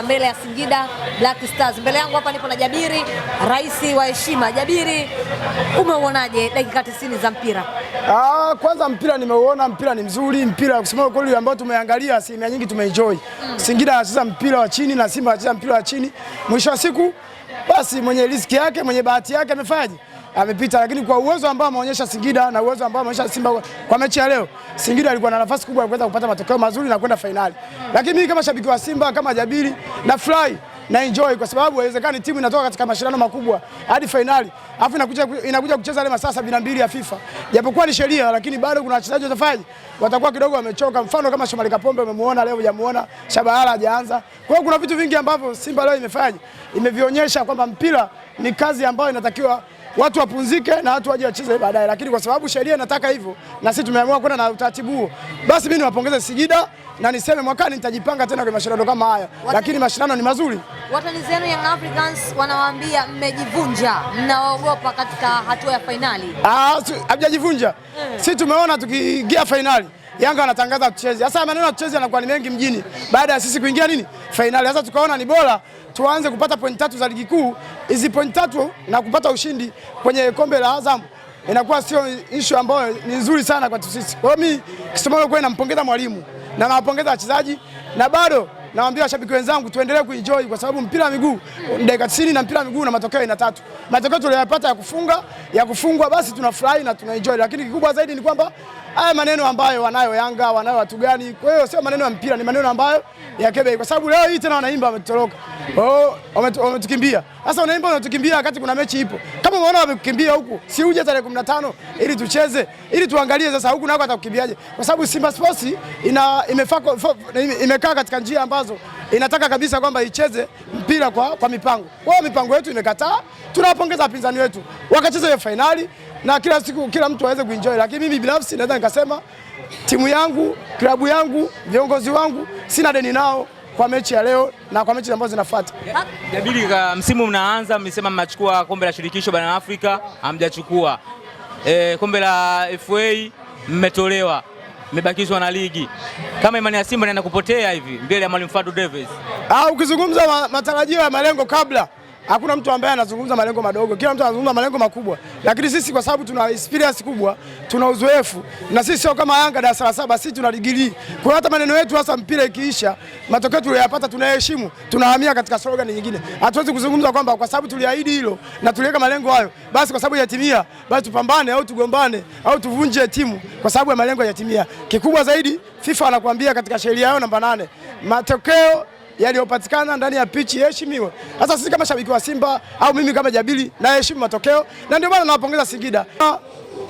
Mwanza mbele ya Singida Black Stars. Mbele yangu hapa nipo na Jabiri, rais wa heshima. Jabiri, umeuonaje dakika 90 za mpira? Ah, kwanza mpira nimeuona, mpira ni mzuri, mpira kusema kweli ambao tumeangalia asilimia nyingi tumeenjoy. Mm. Singida anacheza mpira wa chini na Simba anacheza mpira wa chini. Mwisho wa siku basi mwenye riski yake, mwenye bahati yake amefanyaje? amepita, lakini kwa uwezo ambao ameonyesha Singida na uwezo ambao ameonyesha Simba kwa mechi ya leo, Singida alikuwa na nafasi kubwa ya kuweza kupata matokeo mazuri na kwenda fainali. Lakini mimi kama shabiki wa Simba, kama jabiri na fly na enjoy kwa sababu haiwezekani timu inatoka katika mashindano makubwa hadi fainali afu inakuja, inakuja kucheza ile masaa sabini na mbili ya FIFA, japokuwa ni sheria, lakini bado kuna wachezaji watafanya watakuwa kidogo wamechoka. Mfano kama Shomari Kapombe umemuona leo, hujamuona Shabalala hajaanza. Kwa hiyo kuna vitu vingi ambavyo Simba leo imefanya, imevionyesha kwamba mpira ni kazi ambayo inatakiwa watu wapunzike na watu waje wacheze baadaye, lakini kwa sababu sheria inataka hivyo na sisi tumeamua kwenda na utaratibu huo, basi mimi niwapongeze Singida na niseme mwakani nitajipanga tena kwa mashindano kama haya Wat... lakini mashindano ni mazuri. Watani zenu Young Africans wanawaambia mmejivunja, mnaogopa katika hatua ya fainali. Ah, hatujajivunja hmm. Eh. Sisi tumeona tukiingia fainali Yanga wanatangaza tucheze. Sasa maneno tucheze yanakuwa ni mengi mjini baada ya sisi kuingia nini fainali. Sasa tukaona ni bora tuanze kupata pointi tatu za ligi kuu. Hizi pointi tatu na kupata ushindi kwenye kombe la Azam inakuwa sio issue ambayo ni nzuri sana kwa sisi. Kwa hiyo mimi kusema kweli nampongeza mwalimu na nawapongeza wachezaji na bado nawaambia washabiki wenzangu tuendelee kuenjoy kwa sababu mpira wa miguu dakika 90 na mpira wa miguu na matokeo ina tatu. Matokeo tuliyopata ya kufunga ya kufungwa, basi tunafurahi na tunaenjoy, lakini kikubwa zaidi ni kwamba haya maneno ambayo wanayo Yanga wanayo watu gani? Kwa hiyo sio maneno ya mpira, ni maneno ambayo ya kebe, kwa sababu leo hii tena wanaimba wametoroka, oh, wametukimbia. Sasa wanaimba unatukimbia wakati kuna mechi ipo. Kama umeona wamekimbia huku, si uje tarehe 15 ili tucheze, ili tuangalie sasa huku nako atakukimbiaje, kwa sababu Simba Sports ina imekaa katika njia ambayo ambazo inataka kabisa kwamba icheze mpira kwa, kwa mipango. Wao mipango yetu imekataa, tunawapongeza wapinzani wetu wakacheza hiyo fainali na kila siku kila mtu aweze kuenjoy, lakini mimi binafsi naweza nikasema timu yangu, klabu yangu, viongozi wangu sina deni nao kwa mechi ya leo na kwa mechi ambazo zinafuata. Jabiri, msimu mnaanza, mmesema mnachukua kombe la shirikisho barani Afrika, hamjachukua e, kombe la FA mmetolewa mmebakizwa na ligi. Kama imani ya Simba inaenda kupotea hivi mbele ya Mwalimu Fadu Davis. Ah, ukizungumza matarajio ya malengo kabla hakuna mtu ambaye anazungumza malengo madogo, kila mtu anazungumza malengo makubwa, lakini sisi kwa sababu tuna experience kubwa, tuna uzoefu, na sisi sio kama Yanga darasa la saba, sisi tuna digrii. Kwa hata maneno yetu hasa mpira ikiisha, matokeo tuliyopata tunaheshimu, tunahamia katika slogan nyingine. Hatuwezi kuzungumza kwamba kwa sababu tuliahidi hilo na tuliweka malengo hayo, basi kwa sababu yatimia, basi tupambane au tugombane au tuvunje timu kwa sababu ya malengo yatimia. Kikubwa zaidi FIFA anakuambia katika sheria yao namba nane matokeo yaliyopatikana ndani ya pichi yaheshimiwe. Sasa sisi kama shabiki wa Simba au mimi kama jabili naheshimu matokeo, na ndio maana nawapongeza Singida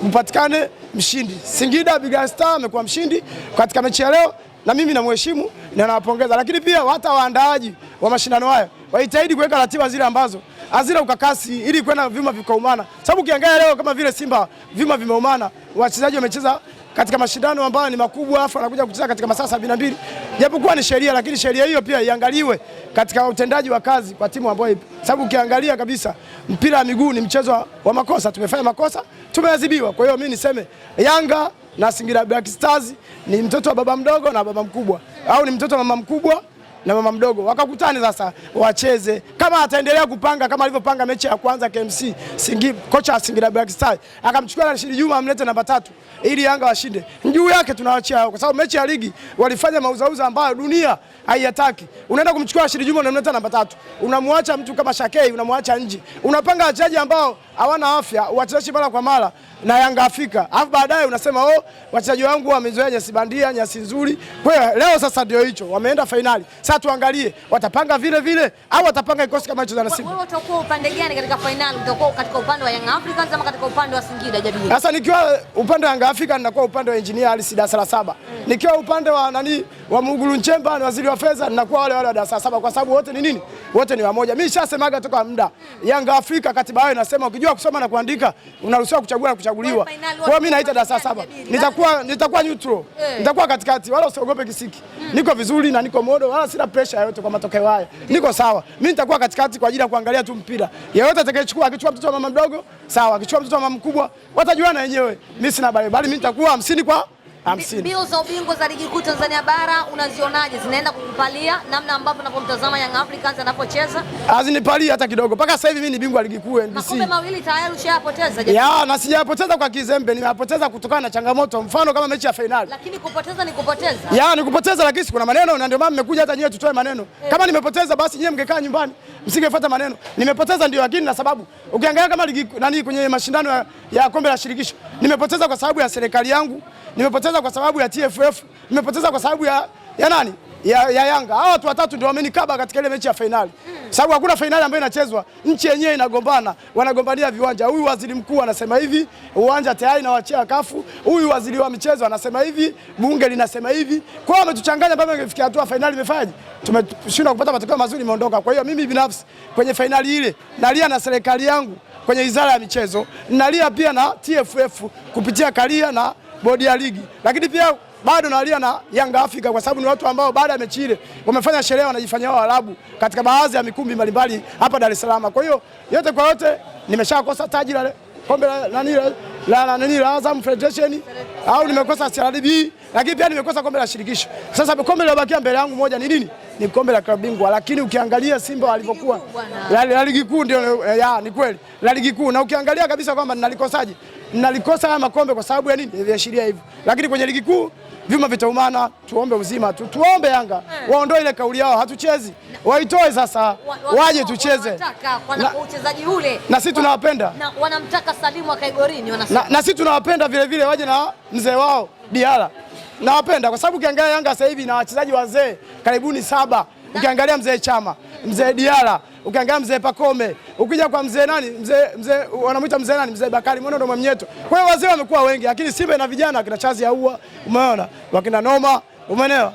mpatikane mshindi. Singida Big Star amekuwa mshindi katika mechi ya leo, na mimi namheshimu na nawapongeza, lakini pia hata waandaaji wa mashindano haya wajitahidi kuweka ratiba zile ambazo hazina ukakasi ili kwenda vyuma vikaumana, sababu ukiangalia leo kama vile Simba vyuma vimeumana, wachezaji wamecheza katika mashindano ambayo ni makubwa, afa anakuja kucheza katika masaa sabini na mbili japokuwa ni sheria, lakini sheria hiyo pia iangaliwe katika utendaji wa kazi kwa timu ambayo ipo, sababu ukiangalia kabisa mpira wa miguu ni mchezo wa makosa. Tumefanya makosa, tumeadhibiwa. Kwa hiyo mimi niseme Yanga na Singida Black Stars ni mtoto wa baba mdogo na baba mkubwa, au ni mtoto wa mama mkubwa na mama mdogo wakakutane sasa, wacheze kama ataendelea kupanga kama alivyopanga mechi ya kwanza KMC Singi, kocha wa Singida Black Star akamchukua na Rashid Juma amlete namba tatu ili Yanga washinde. Juu yake tunawaachia kwa sababu mechi ya ligi walifanya mauzauza ambayo dunia haiyataki. Unaenda kumchukua Rashid Juma unamleta namba tatu, unamwacha mtu kama Shakei, unamwacha nje, unapanga wachezaji ambao hawana afya, wachezaji mara kwa mara na Yanga Afrika, alafu baadaye unasema oh, wachezaji wangu wamezoea nyasi bandia, nyasi nzuri. Kwa hiyo leo sasa ndio hicho, wameenda fainali. Sasa tuangalie watapanga vile vile au watapanga kikosi kama hicho za Simba. Wewe utakuwa upande gani katika fainali? Utakuwa katika upande wa Yanga Afrika ama katika upande wa Singida Jabir? Sasa nikiwa upande wa Yanga Afrika ninakuwa upande wa engineer Ali Sida sala saba. Mm. Nikiwa upande wa nani wa Muguru Nchemba na waziri wa fedha ninakuwa wale wale wa darasa saba kwa sababu wote ni nini? Wote ni wamoja. Mimi nishasemaga toka muda. Mm. Yanga Afrika katiba yao inasema ukijua kusoma na kuandika unaruhusiwa kuchagua na kuchagua kuchaguliwa. Kwa mimi naita darasa saba, nitakuwa yaani? nitakuwa neutral, eh. nitakuwa katikati, wala usiogope kisiki. Mm. Niko vizuri na niko modo, wala sina pressure yoyote kwa matokeo haya, niko sawa. Mimi nitakuwa katikati kwa ajili ya kuangalia tu mpira. Yeyote atakayechukua, akichukua mtoto wa mama mdogo sawa, akichukua mtoto wa mama mkubwa watajuana wenyewe. Mimi sina bali, bali mimi nitakuwa hamsini kwa Mbio za ubingwa za ligi kuu Tanzania bara unazionaje? Zinaenda kukupalia namna ambavyo unapomtazama Young Africans anapocheza? Hazinipalia hata kidogo. Mpaka sasa hivi mimi ni bingwa ligi kuu NBC. Makombe mawili tayari ushayapoteza. Ya, na sijayapoteza kwa kizembe, nimeyapoteza kutokana na changamoto, mfano kama mechi ya fainali. Lakini kupoteza ni kupoteza. Ya, ni kupoteza lakini kuna maneno na ndio maana mmekuja hata nyewe tutoe maneno. hey. Eh. Kama nimepoteza basi nyewe mngekaa nyumbani, msingefuata maneno. Nimepoteza ndio, lakini na sababu ukiangalia kama ligi nani kwenye mashindano ya, ya kombe la shirikisho nimepoteza kwa sababu ya serikali yangu, nimepoteza kwa sababu ya TFF, nimepoteza kwa sababu ya, ya nani ya, ya Yanga. Hawa watu watatu ndio wamenikaba katika ile mechi ya fainali, sababu hakuna fainali ambayo inachezwa, nchi yenyewe inagombana, wanagombania viwanja. Huyu waziri mkuu anasema hivi, uwanja tayari na wachia kafu. Huyu waziri wa michezo anasema hivi, bunge linasema hivi. Kwa hiyo wametuchanganya mpaka ingefikia hatua fainali imefanyaje, tumeshindwa kupata matokeo mazuri, imeondoka. Kwa hiyo mimi binafsi kwenye fainali ile nalia na serikali yangu kwenye wizara ya michezo, ninalia pia na TFF kupitia Karia na bodi ya ligi, lakini pia bado nalia na Yanga Afrika kwa sababu ni watu ambao baada ya mechi ile wamefanya sherehe wanajifanyia Waarabu katika baadhi ya mikumbi mbalimbali hapa Dar es Salaam. Kwa hiyo yote kwa yote nimeshakosa taji la kombe la nani la nani la Azam Federation au nimekosa CRDB, lakini pia nimekosa kombe la shirikisho. Sasa kombe lilobakia mbele yangu moja ni nini? ni kombe la klabu bingwa, lakini ukiangalia Simba walivyokuwa la ligi kuu ndio eh, ya ni kweli la ligi kuu, na ukiangalia kabisa kwamba nalikosaje nalikosa haya makombe kwa sababu ya nini? Viashiria hivyo, lakini kwenye ligi kuu vyuma vitaumana. Tuombe uzima tu, tuombe Yanga hmm, waondoe ile kauli yao, hatuchezi, waitoe sasa wa, wa, waje tucheze na, na sisi tunawapenda na, wanamtaka Salimu akaigorini wanasema, na, na sisi tunawapenda vilevile, waje na mzee wao Diala nawapenda kwa sababu ukiangalia Yanga sasa hivi na wachezaji wazee karibuni saba. Ukiangalia mzee Chama, mzee Diara, ukiangalia mzee Pakome, ukija kwa mzee nani, mzee mzee wanamuita mzee nani, mzee Bakari Mwana ndo mwamnyeto. Kwa hiyo wazee wamekuwa wengi, lakini Simba ina vijana kina Chazi ya Ua, umeona wakina Noma, umeelewa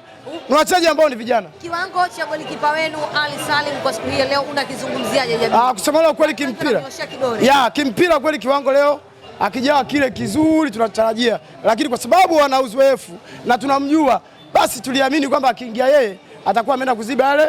ni wachezaji ambao ni vijana. Kiwango cha golikipa wenu Ali Salim kwa siku hii leo unakizungumziaje jamii? Ah, kusema leo kweli kimpira. Ya, kimpira kweli kiwango leo akijaa kile kizuri tunatarajia, lakini kwa sababu wana uzoefu na tunamjua, basi tuliamini kwamba akiingia yeye atakuwa ameenda kuziba yale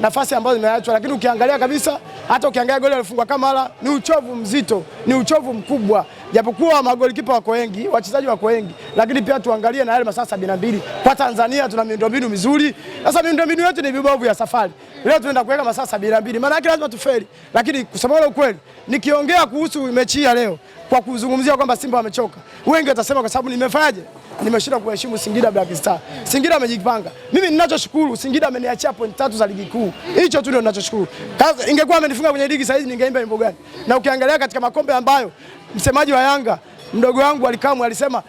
nafasi ambazo zimeachwa, lakini ukiangalia kabisa, hata ukiangalia goli alifungwa Kamara, ni uchovu mzito, ni uchovu mkubwa japokuwa magolikipa wako wengi, wachezaji wako wengi, lakini pia tuangalie na yale masaa sabini na mbili. Kwa Tanzania tuna miundombinu mizuri, sasa miundombinu yetu ni vibovu ya safari. Leo tunaenda kuweka masaa sabini na mbili, maana yake lazima tufeli. Lakini kusema ukweli, nikiongea kuhusu mechi ya leo kwa kuzungumzia kwamba Simba wamechoka, wengi watasema kwa sababu nimefanyaje nimeshinda kuheshimu Singida Black Star. Singida amejipanga. Mimi ninachoshukuru Singida ameniachia point tatu za ligi kuu. Hicho tu ndio ninachoshukuru. Kaza ingekuwa amenifunga kwenye ligi saizi ningeimba nyimbo gani? Na ukiangalia katika makombe ambayo msemaji wa Yanga mdogo wangu alikamwe alisema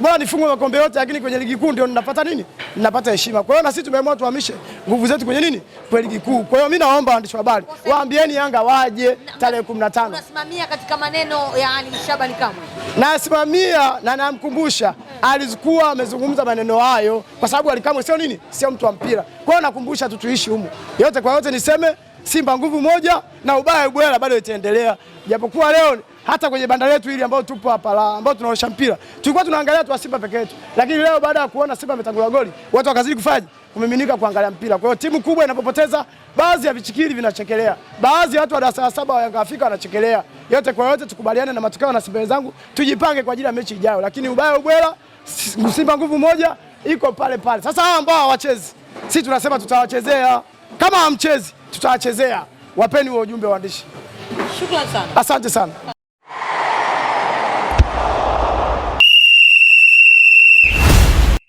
bora nifungwe makombe yote, lakini kwenye ligi kuu ndio ninapata nini? Ninapata heshima. Kwa hiyo na sisi tumeamua tuhamishe nguvu zetu kwenye nini? Kwenye ligi kuu. Kwa hiyo mimi naomba waandishi wa habari waambieni Yanga waje tarehe 15. Unasimamia katika maneno ya Ali Shabani Kamwe. Nasimamia na namkumbusha na alikuwa amezungumza maneno hayo, kwa sababu alikamwe sio nini, sio mtu wa mpira. Kwa hiyo nakumbusha tu tuishi humu, yote kwa yote niseme Simba nguvu moja na ubaya ubwela bado itaendelea, japokuwa leo hata kwenye banda letu hili ambao tupo hapa la ambao tunaosha mpira tulikuwa tunaangalia tu wa Simba peke yetu, lakini leo baada ya kuona Simba ametangulia goli watu wakazidi kufanya kumiminika kuangalia mpira. Kwa hiyo timu kubwa inapopoteza, baadhi ya vichikili vinachekelea, baadhi ya watu wa darasa la saba wa Yanga Afrika wanachekelea. Yote kwa yote, tukubaliane na matokeo na Simba wenzangu, tujipange kwa ajili ya mechi ijayo, lakini ubaya ubwela, Simba nguvu moja iko pale pale. Sasa hao ambao hawachezi, sisi tunasema tutawachezea. Kama hamchezi, tutawachezea. Wapeni huo ujumbe waandishi. Shukrani sana, asante sana.